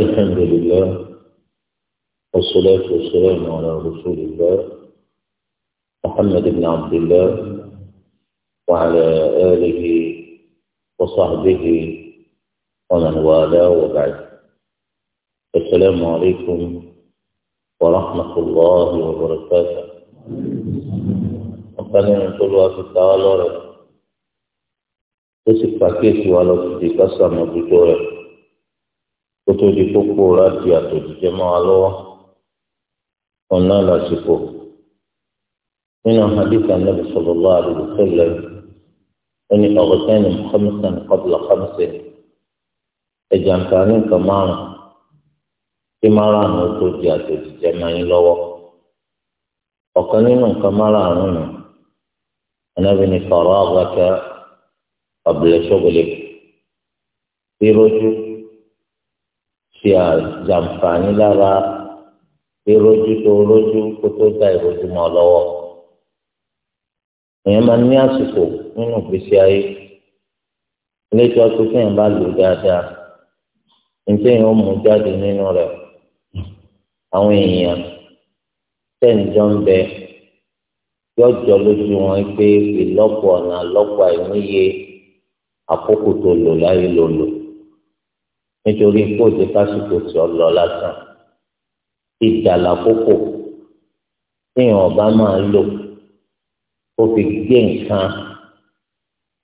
الحمد لله والصلاة والسلام على رسول الله محمد بن عبد الله وعلى آله وصحبه ومن والاه وبعد السلام عليكم ورحمة الله وبركاته وقال من طلوع في التعالى وسفاكيس ولو في قصة kótó di kókó láti àtòjíjẹ mọ́ wa lọ́wọ́ ọ̀nà lásìkò nínú hadith anabi sallallahu alaihi wasallam ẹni ọ̀gọ̀tẹ́ni khamsan qabla khamsin ẹ̀jẹ̀ àǹfààní nǹkan márùn tí márùn tó di àtòjíjẹ mọ́ yín lọ́wọ́ ọ̀kan nínú nǹkan márùn nù anabi ni faragaka qabla shughlik bí rojú ṣe àjàǹfààní lára erójú tó rójú kó tó dá ìrójú mọ́ lọ́wọ́ èèyàn máa ní àsìkò nínú ìgbésí ayé iléeṣẹ́ ọtí téèyàn bá lò dáadáa nítẹ̀yìn ó mú jáde nínú rẹ̀ àwọn èèyàn tẹ̀ǹjọ́ ń bẹ yọjọ́ lójú wọn pé ìlọ́pọ̀ ọ̀nà lọ́pọ̀ àìníye àkókò tó lò láyé lò lò nítorí kóòtù pásítọ̀ tí ọ lọ lásán ìdàlà kókò téèyàn ọba máa lò ó fi gbé nǹkan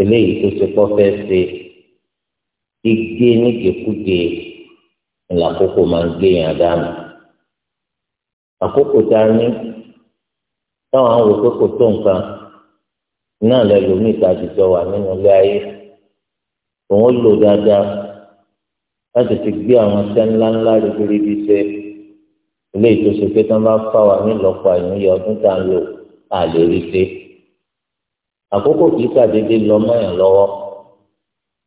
eléyìí tó ti pọ́ fẹ́ ṣe gígé nígekúge ìlàkókò máa ń gbé yàn dànù àkókò tá a ní táwọn àwọn òkókò tó nǹkan náà lẹ́lòmíì tá a ti jọ wà nínú ilé ayé òun lò dáadáa láti fi gbé àwọn ṣẹ́ ńlá ńlá rẹ̀ bí ṣe ilé ìtòsí pé tán bá fà wá nílọ́pọ̀ àyànjẹ ọdún tá a lò á lè rí ṣe. àkókò kìí ṣàdédé lọ mọ́yàn lọ́wọ́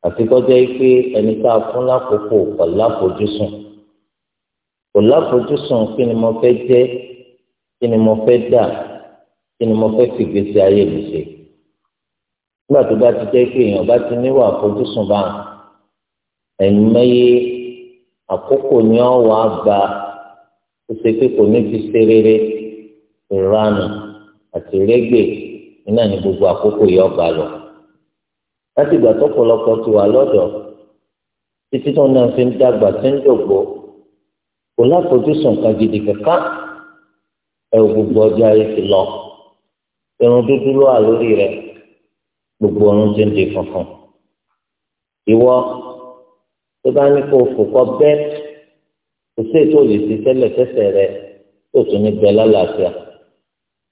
àti kọjá pé ẹni tá a fún lákòókò kò láfojúsùn kò láfojúsùn kí ni mo fẹ́ jẹ́ kí ni mo fẹ́ dà kí ni mo fẹ́ fìgbésí ayé mi ṣe. nígbà tó bá ti jẹ́ pé èèyàn bá ti níwà àfojúsùn báwọn ẹ̀mẹ́yẹ àkókò ni ọ wà gba ó ṣe pé kò ní fi ṣe rere ìranù àti rẹ́gbẹ̀ iná ní gbogbo àkókò yìí ọgbà lọ. láti ìgbà tó pọ̀lọpọ̀ ti wà lọ́dọ̀ títí tó náà fi ń dàgbà tí ń dògbò kò láfojúsùn kan gidi kankan ẹ gbogbo ọjọ́ ayé ti lọ irun dúdú ló wà lórí rẹ gbogbo ọrùn ti ń di funfun ìwọ tó bá ní kó o fò kọ bẹ́ẹ̀ kò sí ètò òlè sí tẹ́lẹ̀ tẹ́sẹ̀ rẹ tó tún ní bẹ́ẹ̀ lálàáfíà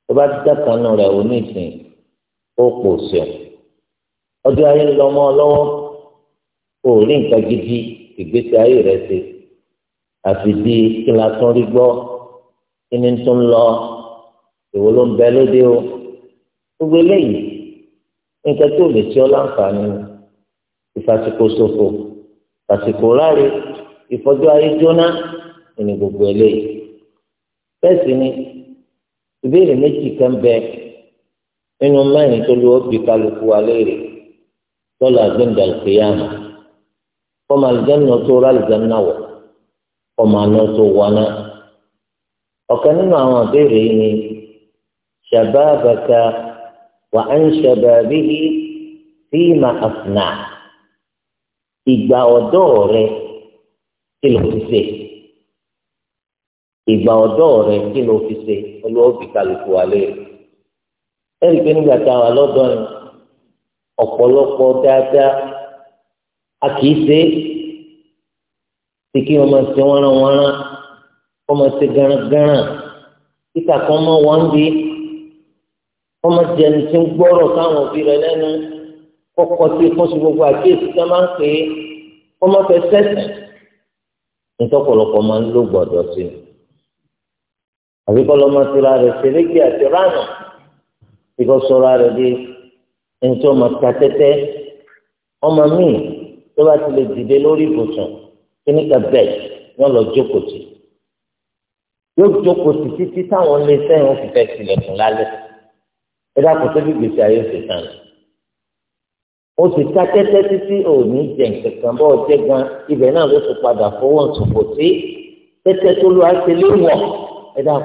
tó bá ti dákanu rẹ ò ní ìsìn ó pò sí ọ ọjọ́ ayé ń lọ mọ́ ọ lọ́wọ́ kò rí nǹkan gidi ìgbésí ayé rẹ ṣe àfi bí kí la tún rí gbọ́ kí ni tún lọ ìwọ ló ń bẹ lóde o gbogbo eléyìí nǹkan tó lè ṣe ọ láǹfààní ìfàsíkò ṣòfò àsìkò ráre ìfọjú ayé jóná ìní gbogbo eléyìí bẹ́ẹ̀ sì ni ìbéèrè méjì kan bẹ nínú mẹ́rin tó lu óbì kálukú wa léèrè tọ́lá gbẹ̀ngà ìkéyàmù kọ́mọ àlùjáná tó rà àlùjáná wọ̀ kọ́mọ àná tó wọná ọ̀kan nínú àwọn ìbéèrè yìí ni ṣàbábàkà wà á ń ṣàbàbí fíìmà àfúnà ìgbà ọ̀dọ́ rẹ kí ló fi ṣe ìgbà ọ̀dọ́ rẹ kí ló fi ṣe olówó fi kálukú wa lé ẹ̀rí pé nígbà tá a wà lọ́dọ̀ ni ọ̀pọ̀lọpọ̀ dáadáa a kì í ṣe tí kí wọ́n máa ṣe wọ́nranwọ́nran wọ́n máa ṣe garangaran títà kan máa wọ́n ń di wọ́n máa jẹni tí ń gbọ́rọ̀ sáwọn òbí rẹ lẹ́nu kọkọ sí fún sí gbogbo àkíyèsí tí wọn máa ń pè é wọn máa fẹ́ sẹsẹ nítọpọlọpọ máa ń lò gbọ́dọ̀ sí i àbí kọlọ máa tura rẹ sẹlẹgbẹ àti ránà ìkọ sọra rẹ di ẹni tí wọn máa ta tẹ́tẹ́ ọmọ míì tó bá ti lè dìde lórí ibùsùn kíní ka bẹ́ẹ̀ wọn lọ jókòó tì yóò jókòó tì títí táwọn lè sẹ́yìn ó fi fẹ́ tilẹ̀kùn lálẹ́ ẹ dákòó tó bí gbèsè ayé ṣe tán lọ ó sì ká tẹ́tẹ́ títí òní jẹ nǹkankan bọ́ ọjẹ́ gan ibẹ̀ náà ló ti padà fọwọ́ nsòfò sí tẹ́tẹ́ tó lọ́ọ́ ṣe léwọ̀ ẹ dá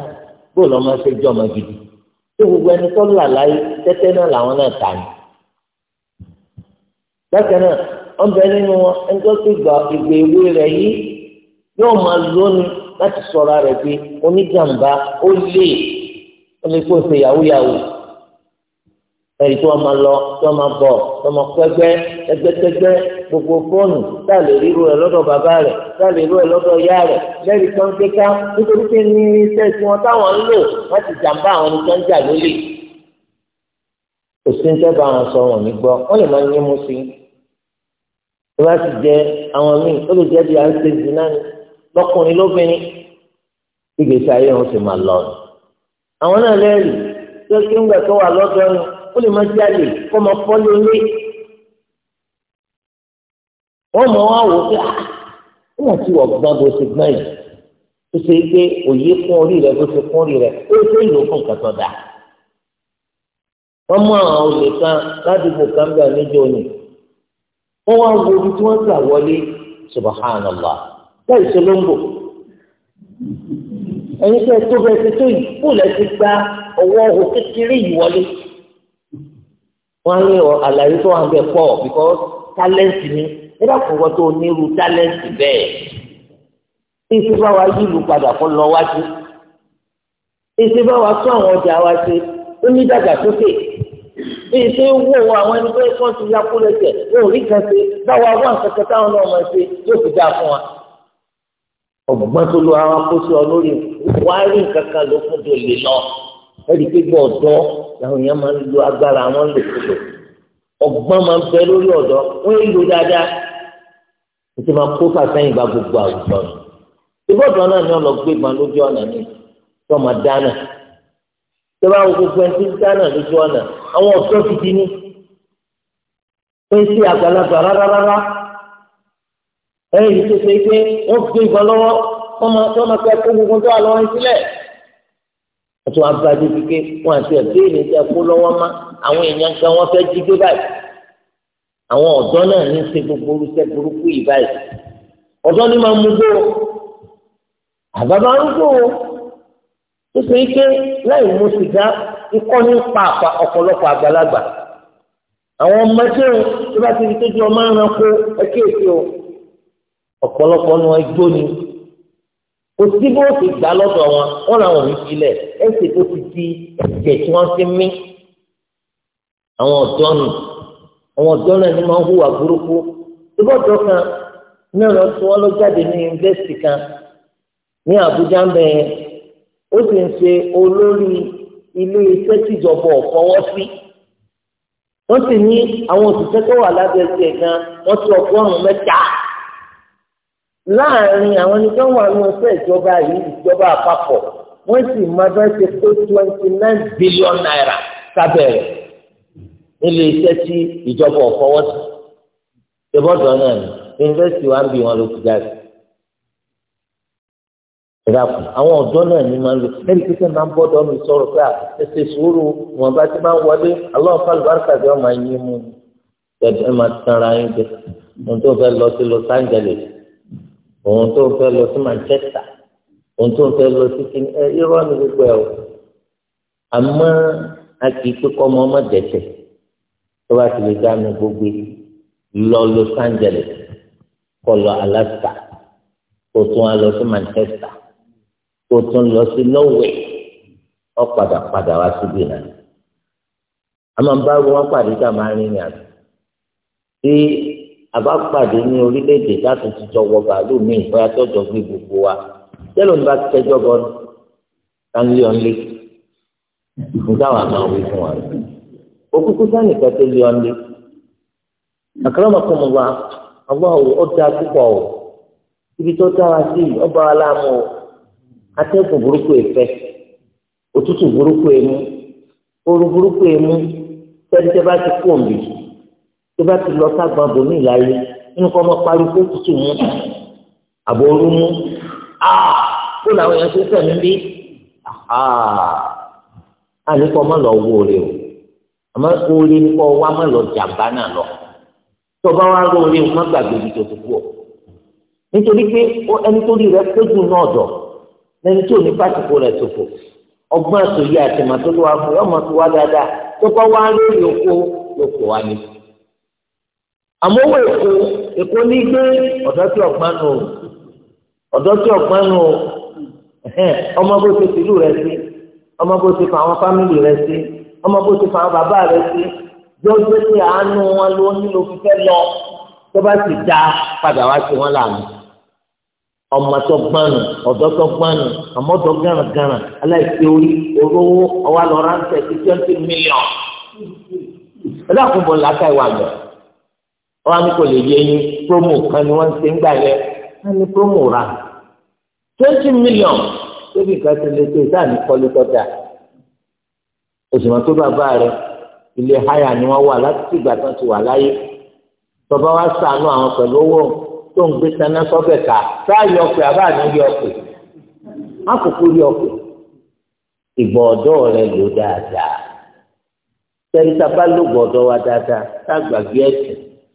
bó lọ́ máa ṣe jọ ọmọ gidi tó gbogbo ẹni tó là láyé tẹ́tẹ́ náà làwọn náà tà ní. bákan náà wọ́n bẹ nínú wọn ẹni tó ti gba ìgbè ìwé rẹ̀ yìí yóò máa lóni láti sọ̀ra rẹ̀ pé oníjàmbá ó lè ó lè kó ṣe yàwó yàwó ẹ̀yìn tí wọ́n máa lọ tí wọ́n máa bọ̀ tí wọ́n máa pẹ́gbẹ́ ẹgbẹ́tẹ́gbẹ́ gbogbo fóònù tá a lè ríru ẹ̀ lọ́dọ̀ bàbá rẹ̀ tá a lè ríru ẹ̀ lọ́dọ̀ ìyá rẹ̀ lẹ́yìn tó ń kéka nítorí pé ní iṣẹ́ tí wọ́n táwọn ń lò wọ́n ti jàǹbá àwọn ẹni tó ń jà lólè. òsín tẹ́ bá wọn sọ wọn ní gbọ́ wọ́n lè máa ń yín mú sí i. bí wọ́n ti jẹ àwọn míì ó lè jẹ́ bí à ń ṣe jìnnà ni lọ́kùnrin lóbìnrin ìgbésí ayé wọn ti máa ó lè máa jáde kó máa fọ́ lórí wọ́n mọ̀ wá wò ó pé ah, wọ́n ti wọ̀ gbọ́n bó ti gbọ́n yìí ó ṣe é pé òye kún orí rẹ̀ bó ti kún orí rẹ̀ ó ṣe é lò fún nǹkan tó wọ́n mú àwọn olè kan ládùúgbò kan bẹ̀rẹ̀ níjọ ni wọ́n wá wo ibi tí wọ́n gbà wọlé subahánàlá láì ṣe ló ń bò ẹ̀yin tẹ́ tó bẹ́ẹ̀ ti tó yìí kú lẹ́ ti gba ọwọ́ òkèkèrè yìí wọlé wọ́n lé ọ àlàyé tó wà ń bẹ pọ̀ because talent ni ẹ dàpọ̀ wọ́n tó onírú talent bẹ́ẹ̀ èsì bá wa yí ìlú padà kó lọ wájú èsì bá wa tún àwọn ọjà wa ṣe ó ní dàgbàsókè èsì wò àwọn ẹni pé kí wọ́n ti ya kó lẹ́sẹ̀ wọn ò rí kan ṣe báwa wà kankan táwọn náà máa ṣe yóò fi dáa fún wa ọgbọ́n tó lo ara kó sí ọ lórí wàá rí nǹkan kan ló fún tó lè lọ ẹ̀rí gbígbọ́ ọ̀dọ́ làwọn èèyàn máa ń lo agbára wọn lòkulò ọgbọ́n máa ń bẹ lórí ọ̀dọ́ wọ́n ń lo dáadáa ètò máa kó fàtẹ́yìn bá gbogbo àwùjọ nù ìbọ̀dọ̀ náà ni wọ́n lọ gbé gbọ́n lójú ọ̀nà ní tó máa dáná tó bá wo gbogbo ẹni tí ń dáná lójú ọ̀nà àwọn ọ̀dọ́ gidi ní pé sí àgbàlagbà rárá ẹ̀yìn tó ṣe pé wọ́n gbé ìbọn lọ́wọ́ wọ́n máa fẹ́ kó gbogbo tó àlọ́ tó wá bá dé kíké wọn àti ẹgbẹ́ ìrìn tẹ kó lọ́wọ́ má àwọn èèyàn kan wọ́n fẹ́ jí gbé báyìí àwọn ọ̀dọ́ náà ní ṣe gbogbo orúṣẹ́ burúkú yìí báyìí ọ̀dọ́ ni máa mú gbó àbábá ń gbó ó ṣe é ké láì mú sìgá ikọ́ ní pàápàá ọ̀pọ̀lọpọ̀ àgbàlagbà àwọn ọmọdé o tó bá ti di tójú ọmọ ẹranko ẹ kéèké o ọ̀pọ̀lọpọ̀ ni wọ́n ni kò sí bó ti gbà lọ́dọ̀ wọn wọn làwọn òní filẹ̀ ẹsẹ̀ tó ti di ẹ̀jẹ̀ tí wọ́n ti mí àwọn ọ̀dọ́ nù àwọn ọ̀dọ́ náà ni máa ń hùwà burúkú ìbọ̀dọ̀ kan náà lọ sí wọn ló jáde ní yunifásitì kan ní Àbújá mẹ́ẹ̀ ó sì ń ṣe olórí ilé iṣẹ́ tìjọba ọ̀fọwọ́ sí wọ́n sì ní àwọn òṣìṣẹ́ tó wà lábẹ́ ẹsẹ̀ gan wọ́n ti ọgọ́rùn-ún mẹ́ta láàrin àwọn ẹni tó wà nínú ẹgbẹ́ ìjọba yìí ìjọba àpapọ̀ wọ́n sì máa bá ṣe tó twenty nine billion naira sábẹ̀rẹ̀ nílé iṣẹ́ tí ìjọba ọ̀fọwọ́ sí ìbọ̀dọ̀ náà ni yunifásitì wa ń bí wọn ló ti jáde ìdàkùn àwọn ọ̀dọ́ náà ni máa ń lò ẹni pípẹ́ máa ń bọ́dọ̀ mi sọ̀rọ̀ pé ẹsẹ̀ sùúrù wọn bá ti máa ń wọlé aláwọ̀ fàlùbáràkà bí wọ́n máa ń yín mú ẹ máa tanra yín jẹ ohun tó fẹ́ lọ sí Los Angeles òun tó fẹ́ lọ sí Manchester òun tó fẹ́ lọ sí kí ẹ irọ́ ni gbogbo ẹ o àmọ́ a kì í pé kọ́ ọmọ ọmọ dẹ̀tẹ̀ tó bá ti lè dánu gbogbo lọ Los Angeles kọ lọ Alaska kó tún á lọ sí Manchester kó tún lọ sí Norway ọ padà padà wá síbí náà àmọ́ báwo wọ́n pàdé tá a máa rìn ìrìn àjò tí àbá pàdé ní orílẹ̀-èdè láti ti jọ wọ bàálù mi ìfọyà tọ́jọ gbé gbogbo wa tẹ́lọ̀ ní bá ti tẹ́jọ́ bọ́ tánlé ọ̀nlé nígbà wà máa wí fún wa òkúkú sáni kẹtẹ lé ọ̀nlé àkàràmà kọ́ mọ̀ wá ọgbà ọ̀dà púpọ̀ ọ̀ ibi tó dára sí ọba wa ọ atẹ́kùn burúkú ẹ̀fẹ́ òtútù burúkú ẹ̀mú ooru burúkú ẹ̀mú tẹ́lifẹ́ bá ti kú òǹbì tó bá ti lọ sábà bòmí láyé nínú kọ́ ọmọ parí kó tutù mú àbò orú mú ah! kó làwọn èèyàn ṣe ń sẹ̀mí bí àníkọ́ ọmọ lọ wó rè o àmọ́ orí nípa ọwọ́ àmọ́ lọ jàmbá náà lọ tó bá wá rọ orí wọn gbàgbé ibi tó ti kú ọ nítorí pé ẹni tó rí rẹ péjú náà dọ̀ lẹni tí ò ní pàtìkù rẹ ṣòfò ọgbọ́n àtòyí àtìmọ́tò ló wà fún ọmọ tó wá dáadáa tó bá wá lórí oko lóko wá níbi àmọ́wọ́ èkó èkó ní gbé ọ̀dọ́ tí ọ̀gbọ́n nù ọ̀dọ́ tí ọ̀gbọ́n nù ọmọ bó ti tìlú rẹ sí ọmọ bó ti fa àwọn fámìlì rẹ sí ọmọ bó ti fa àwọn bàbá rẹ sí yóò gbé pé àánú wọn ló nílò fífẹ́ lọ tó bá sì dá padà wá sí wọn lànà ọmọ tó gbanu ọ̀dọ́ tó gbanu ọmọ tó gàràngàrà aláìsí orí orówó ọwọ́ àlọ́ rántẹ̀ sí twenty million ẹ̀dá kúbọ̀ wọn á ní kò lè yé yín promo kan ni wọn ṣe ń gbà yẹn wọn ní promo ra twenty million tóbi kan ti lè tó ìdáà ní kọ́lé tọ́jà òṣùwọ̀n tó bàbá rẹ ilé háyà ni wọ́n wà láti tí ìgbà tán ti wà láyé tọba wa sànú àwọn pẹ̀lú owó tó ń gbé sanná sọ́bẹ̀ ká sáàyè ọ̀pẹ̀ àbá ní ọ̀pẹ̀ àkókò ilé ọ̀pẹ̀ ìgbà ọ̀dọ́ rẹ lò dáadáa tẹ̀lé tá a bá lò wa dáadáa tá gbàgbé ẹ̀sìn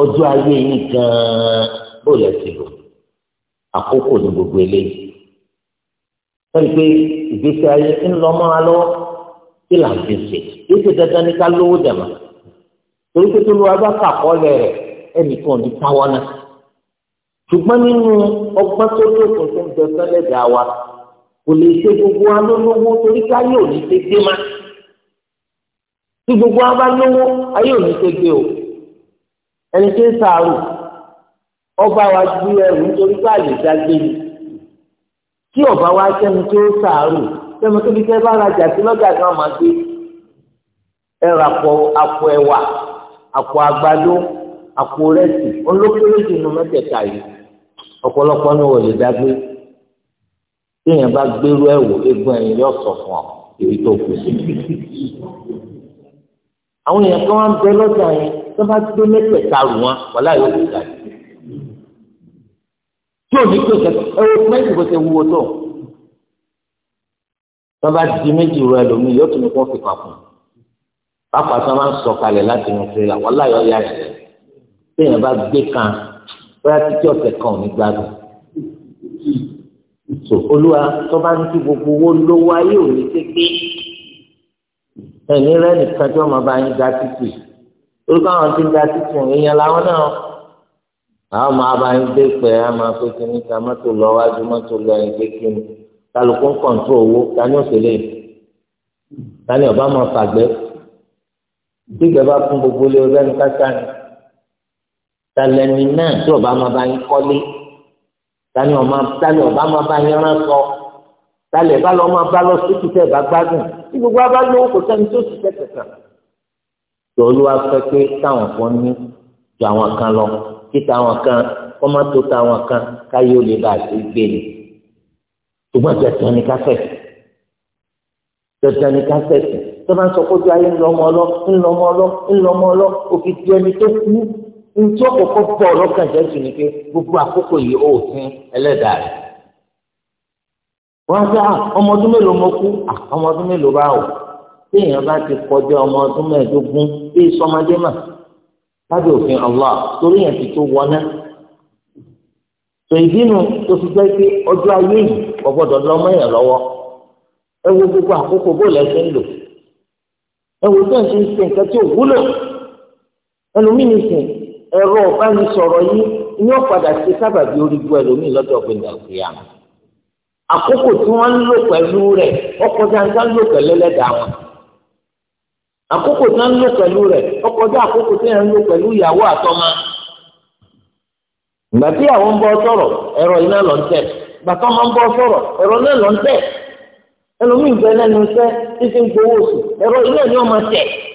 ọjọ́ ayé yín gan-an bó lẹ̀ sí lò àkókò ní gbogbo eléyìí wọ́n rí i pé ìgbésí ayé ń lọ mọ́ wa lọ́wọ́ kí là ń fi ṣe yóò ṣe dandan ní ká lówó dàmà torí pé tó lu abá kàkọ́lẹ̀ rẹ̀ ẹnìkan ní táwọn náà ṣùgbọ́n nínú ọgbọ́n tó lókun tó ń bẹ sọ́lẹ̀ dà wa kò lè ṣe gbogbo wa torí ká yóò ní ṣe gbé má tí gbogbo wa lówó ayé ò ní ṣe gbé o ẹni tí ń sàárò ọba wa gbé ẹrù nítorí pé àlè dágbé ni tí ọba wa sẹ́ni tó sàárò sẹ́ni tó bí kẹ́ bá rajà sí lọ́jà kan máa gbé ẹrù àpò àpò ẹ̀wà àpò àgbàdo àpò rẹ́sì olókèrè jùlọ mẹ́tẹ̀ẹ̀ta yìí ọ̀pọ̀lọpọ̀ ni wọ́n lè dágbé téèyàn bá gbérú ẹ̀wò egun ẹ̀yìn yóò sọ fún ọ èyí tó kù sí. àwọn èèyàn kan wá ń bẹ lọ́jà yẹn tó bá gbé mẹ́tẹ̀ẹ̀ta rù wọn wọ́n láyé òkú jáde. tí ò ní pèsè ẹwọ mẹ́tì bó ṣe wúwo tó tó bá di méjì rẹ lómi yóò tún kó fi pàpọ̀ pápá tó máa ń sọ kalẹ̀ láti inú tirẹ̀là wọ́n láyé ọ̀yà rẹ̀ téèyàn bá gbé kan bóyá títí ọ̀sẹ̀ kan ò ní gbádùn so olúwa tó bá ń kí gbogbo owó lówó ayé òní ṣe pé ẹni rẹ nìkan tí wọn máa bá yín dá títì orúkọ àwọn tí ń da títún èèyàn làwọn náà àwọn máa bá ń gbé pẹ́ á máa pé kí ní ká mọ́tò lọ wájú mọ́tò lọ ẹ̀yìn pé kí ni kálukú ń kọ̀ǹtó owó tani òṣèlè tani ọba máa fàgbẹ́ tí ìgbẹ́ bá fún gbogbo lé ọgbẹ́ ní kásá ni talẹ́ni náà tí ọba máa bá yín kọ́lé tani ọba máa bá yín rán sọ talẹ̀ bá lọ́ máa bá lọ sí títẹ̀ bá gbádùn tí gbogbo abá lówó kò sẹ́ni tó ti tẹ̀ tẹ̀ tẹ̀ tó olúwa fẹ́ pé táwọn kan ní ju àwọn kan lọ kí táwọn kan kọ́mọ́tò táwọn kan káyé ó lè bá àti gbé ni ṣùgbọ́n tẹ̀sán ni káfẹ́ tẹ̀sán ni káfẹ́ tó bá ń sọ kójú ayé ńlọmọlọ ńlọmọlọ ńlọmọlọ òfin ti ẹni tó kú ntí ọkọ̀ọ̀kọ̀ bọ̀ ọlọ́kàn jẹ́sùn ni pé gbogbo àkókò yìí ó sin ẹlẹ́dàá rẹ̀ wọ́n á sọ ah, ọmọ ọdún mélòó mo kú ah, ọmọ ọdún mélòó báwò tí èèyàn bá ti kọjá ọmọ ọdún mẹ́ẹ̀ẹ́dógún bí sọmọdé mà lábẹ́ òfin Allah torí yẹn ti tó wọná. tòyìdínú tó fi jẹ́ pé ọjọ́ ayé yìí gbogbo àkókò bó lẹ́sẹ̀ ń lò ẹ wo tó ń ṣe ń ṣe nǹkan tí ò wúlò ẹlòmíì ẹ̀rọ ọ̀bánisọ̀rọ̀ yìí ni ó padà ṣe orígun ẹlòmíì àkókò tí wọ́n ń lò pẹ̀lú akụkụ tí wọn ń lò pẹ̀lú rẹ̀ ọkọ jẹ tí wọn ń lò pẹ̀lú ìyàwó àtọmọ ìgbà tí àwọn ń iná lọ ń tẹ̀ ìgbà máa ń náà lọ ń bẹ títí ń gbowó oṣù ni wọn máa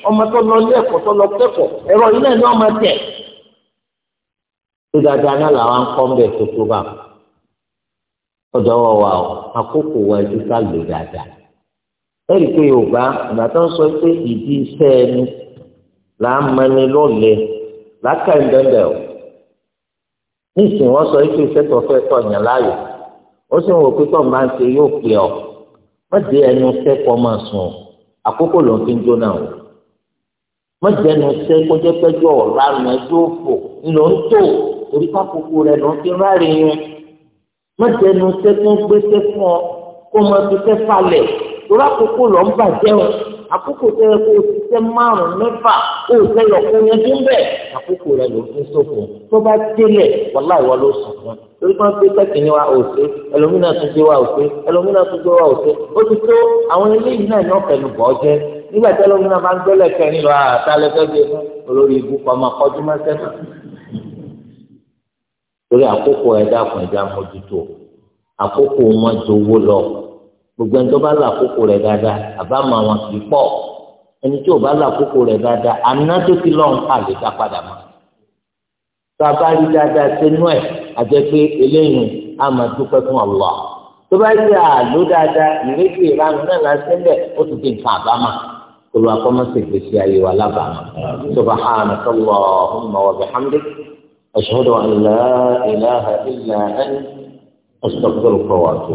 ọmọ tó lọ ilé ẹ̀kọ́ tó lọ kẹ́kọ̀ọ́ ni wọn máa náà o wa ẹ̀rí pé yorùbá ìgbà tó ń sọ pé ìdí iṣẹ́ ẹni là á mẹni lọ́lẹ̀ lákà ìbẹ̀bẹ̀ o níìsín wọ́n sọ pé iṣẹ́ tó fẹ́ tọ̀ yàn láàyò ó sì ń wò pé tọ́ọ̀ máa ń ṣe yóò pè ọ́ wọ́n dé ẹnu sẹ́kọ̀ọ́ máa sùn àkókò ló ń fi jóná o wọ́n dé ẹnu sẹ́kọ̀ọ́ jẹ́ pẹ́jọ́ ọ̀la rẹ̀ ẹjọ́ òfò ńlọ ń tò orí kápòkò rẹ̀ ló ń fi ráre yẹn wọ́n dé ẹnu sẹ́kọ̀ọ́ gbé sẹ́kọ̀ọ́ kó máa fi sẹ́fà lẹ̀ lórí àkókò lọ ń bàjẹ́ o àkókò tó yẹ kó o ti tẹ márùn mẹ́fà kó o tẹyọ kó yẹn tó ń bẹ̀ àkókò rẹ ló fi sófo tó bá délẹ̀ wàhálà ìwà ló sùn fún torí pé pé tẹkìní wa ò sí ẹlòmínà tó gbé wa ò sí ẹlòmínà tó gbé wa ò sí ó ti tó àwọn eléyìí náà náà pẹ̀lú bọ́ jẹ́ nígbà tí ẹlòmínà máa ń gbẹ́lẹ̀ kẹrin lọ àtàlẹ́ fẹ́ẹ́ fún olórí ibú pamọ́ akọ́jú mẹ́sẹ̀ náà torí àkókò ẹ̀dá kan ẹ̀dá mójútó àkókò wọn jowó lọ gbogbo ẹni tó bá là àkókò rẹ̀ dáadáa àbámọ̀ àwọn kì í pọ̀ ẹni tí ò bá là àkókò rẹ̀ dáadáa àná tó ti lọ́n ká lè dá padà mọ́ tó a bá rí dáadáa sínú ẹ̀ àjẹ́ pé eléyìí á máa dúpẹ́ fún Allah tó bá yẹ àló dáadáa ìrètí ìranù náà lásán lẹ̀ ó ti di nǹkan àbámọ̀ olùwàkọ́mọ́sí gbèsè ayé wa lábàámọ̀ subhanaka Allahumma wa bihamdik ashhadu an la ilaha illa anta astaghfiruka wa